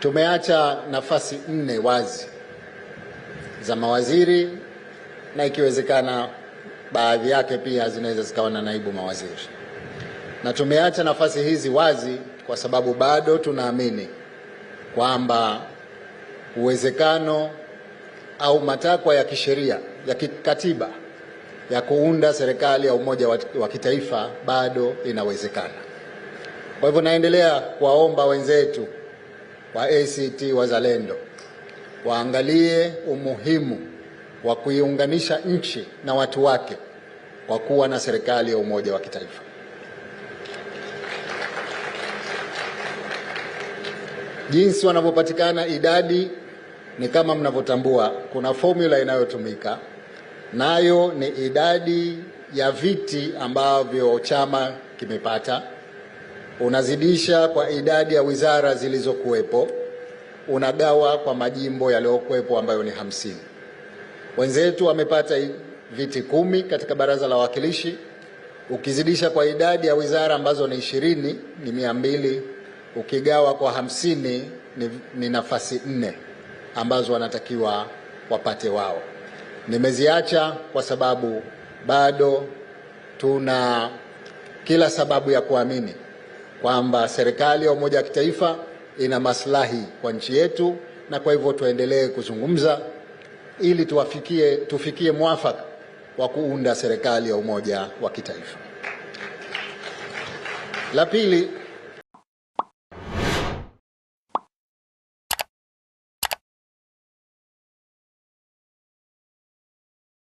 Tumeacha nafasi nne wazi za mawaziri na ikiwezekana baadhi yake pia zinaweza zikawa na naibu mawaziri, na tumeacha nafasi hizi wazi kwa sababu bado tunaamini kwamba uwezekano au matakwa ya kisheria ya kikatiba ya kuunda serikali ya umoja wa kitaifa bado inawezekana. Kwa hivyo naendelea kuwaomba wenzetu wa ACT Wazalendo waangalie umuhimu wa kuiunganisha nchi na watu wake kwa kuwa na serikali ya umoja wa kitaifa. Jinsi wanavyopatikana idadi ni kama mnavyotambua, kuna formula inayotumika nayo ni idadi ya viti ambavyo chama kimepata unazidisha kwa idadi ya wizara zilizokuwepo, unagawa kwa majimbo yaliyokuwepo ambayo ni hamsini. Wenzetu wamepata viti kumi katika baraza la wawakilishi, ukizidisha kwa idadi ya wizara ambazo ni ishirini ni mia mbili, ukigawa kwa hamsini ni, ni nafasi nne ambazo wanatakiwa wapate wao. Nimeziacha kwa sababu bado tuna kila sababu ya kuamini kwamba serikali ya umoja wa kitaifa ina maslahi kwa nchi yetu, na kwa hivyo tuendelee kuzungumza ili tuwafikie, tufikie mwafaka wa kuunda serikali ya umoja wa kitaifa. La pili